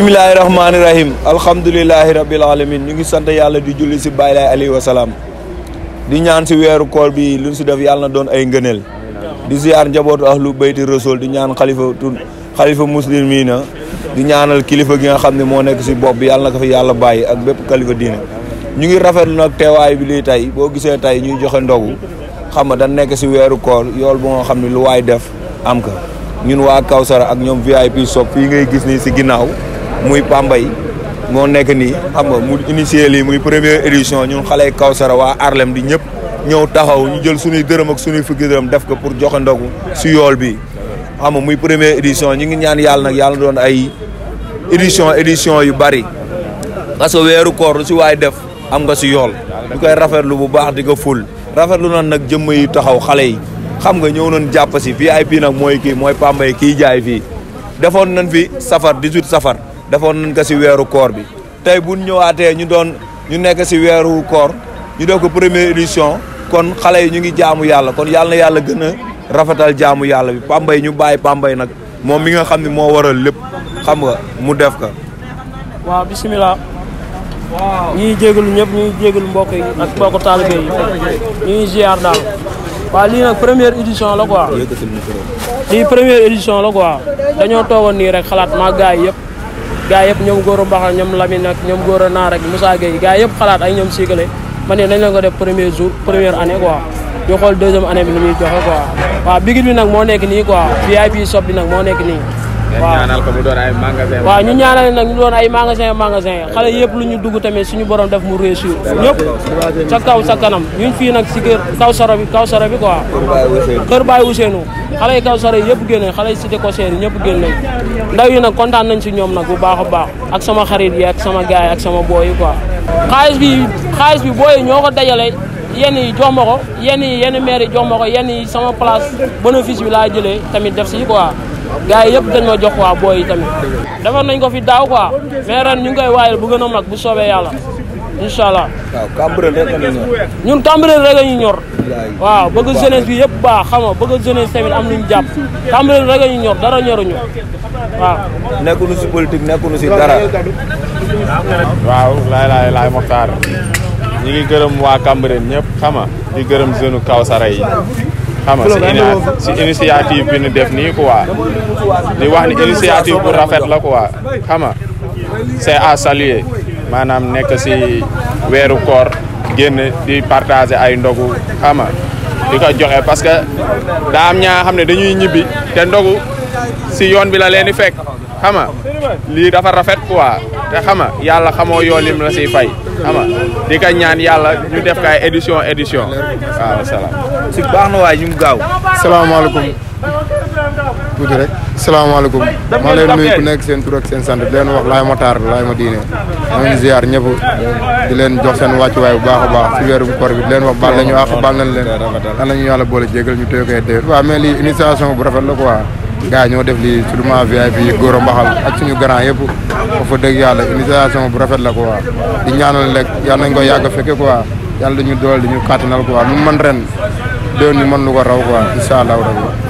bisimilahi rahmaani rahim alhamdulilahi rabil alamin ñu ngi sant yàlla di julli si bàyyi laay alayhi salaam di ñaan si weeru koor bi lu si def yàlla doon ay ngëneel di ziar njabootu ahlu bayti rasul di ñaan xalifa tu xalifa muslimina di ñaanal kilifa gi nga xam ne moo nekk si bopp bi yàlla na ko fi yàlla bàyyi ak bépp kalifa diine ñu ngi rafetlu nag teewaay bi lii tey boo gisee tey ñuy joxe ndogu xam nga dañ nekk si weeru koor yool bu nga xam ne lu waay def am ka waa Kawsara ak ñoom VIP Shop fii ngay gis nii si ginnaaw muy Pambay moo nekk nii xam nga mu initié lii muy premier édition ñun xale Kawsara waa Arlem di ñëpp ñëw taxaw ñu jël suñuy dërëm ak suñuy fukki dërëm def ko pour joxe ndogu si yool bi xam nga muy première édition ñu ngi ñaan yàlla nag yàlla doon ay édition édition yu bari parce que weeru koor lu si waay def am nga si yool ñu koy rafetlu bu baax di ko ful rafetlu nan nag jëmm yi taxaw xale yi xam nga ñëw nañ jàpp si VIP nag mooy kii mooy Pambay kii jaay fii defoon nañ fi safar 18 safar defoon nañ ko si weeru koor bi tey bu ñëwaatee ñu doon ñu nekk si weeru koor ñu def ko première édition kon xale yi ñu ngi jaamu yàlla kon yàlla yàlla gën a rafetal jaamu yàlla bi pambay ñu bàyyi pambay nag moom mi nga xam ni moo waral lépp xam nga mu def ka waaw bisimilah. waaw ñuy jégalu ñëpp ñuy jégalu mbokk yi ak mbokku taalibe yi ñuy ziar daal. waaw lii nag première édition la quoi. lii première édition la quoi dañoo toogoon nii rek xalaat maa gars yi yëpp. gaa yëpp ñoom góor a mbaxal ñoom Lamine ak ñoom góor a naar ak Moussa Gueye gaa yëpp xalaat ay ñoom Sikale man ne nañ la premier jour première année quoi ñu xool deuxième année bi ni muy joxe quoi waaw bigit bi nag moo nekk nii quoi VIP shop bi nag moo nekk nii waaw ñaanal waaw ñu ñaanal nag ñu doon ay magasin magasin xale yëpp lu ñu dugg tamit suñu borom def mu réussir. ñëpp sa kaw sa kanam ñun fii nag si kër kaw saro bi kaw saro bi quoi. kër Baye Ousseynou xale yi kaw saro yi yëpp génne xale yi cité Cossène ñëpp génne ndaw yi nag kontaan nañ si ñoom nag bu baax a baax ak sama xarit yi ak sama gars ak sama booy yi quoi. xaalis bi xaalis bi booy ñoo ko dajale yenn yi jox ma ko yenn yi yenn maire ko yenn sama place bénéfice bi laa jëlee tamit def si quoi gars yi yëpp dañ ma jox waa booy yi defar nañ ko fi daaw ko mais ren ñu ngi koy waajal bu gën a mag bu soobee yàlla incha allah. waaw Cambérène la ñu ñor. ñun Cambérène rek ñu ñor. waaw bëgg jeunesse bi yëpp baax xam bëgg jeunesse tamit am nañu jàpp Cambérène rek la ñu ñor dara ñoruñu waaw. nekkuñu si politique nekkuñu si dara. waaw laay laay laay Mokhtar ñi ngi gërëm waa Cambérène ñëpp xama di gërëm jeune Kawsara yi. xam nga si ina si initiative bi ñu def nii quoi di wax ni initiative bu rafet la quoi xam c'est à saluer maanaam nekk si weeru koor génn di partager ay ndogu xam nga di ko joxe parce que daa am ñaa xam ne dañuy ñibbi te ndogu si yoon bi la leen di fekk dafa rafet quoi te xam nga yàlla xamoo la siy pay xam di ka ñaan yàlla ñu def kay édition édition waaw salaam si baax na waaye ñu mu gaaw. salaamaaleykum. tuuti rek salaamaaleykum. maa leen ku nekk seen tur seen sant di leen wax laay ma taar laay ma diine. maa ngi ziar ñëpp di leen jox seen wàccuwaay bu baax a baax si weeru koor bi di leen wax baal nañu àq baal nañ leen. lan la ñu yàlla boole jégal ñu téye koy déwén. waaw mais lii initiation bu rafet la quoi. gars ñoo def lii seulement VIP góor a mbaxal ak suñu grand yëpp fa dëgg yàlla initiation bu rafet la quoi di ñaanal rek yàlla nañ ko yàgg a fekke quoi yàlla dañu dool dañu kàttanal quoi nu mën ren déwén ñu mën lu ko a quoi incha allahu rabbi